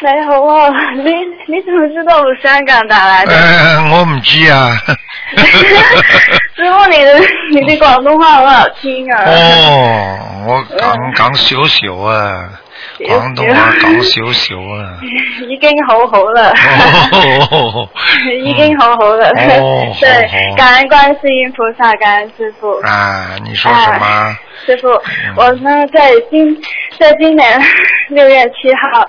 你、哎、好啊，你你怎麼知道我香港打來的？哎、我唔知啊。師傅，你的你的廣東話好好聽啊。哦，我講講少少啊，廣東話講少少啊。已經好好了。哦哦哦、 已經好好了、嗯 對哦。對，猴猴感恩觀世音菩薩，感恩師傅。啊，你說什麼？啊、師傅、哎，我呢在今在今年六月七號。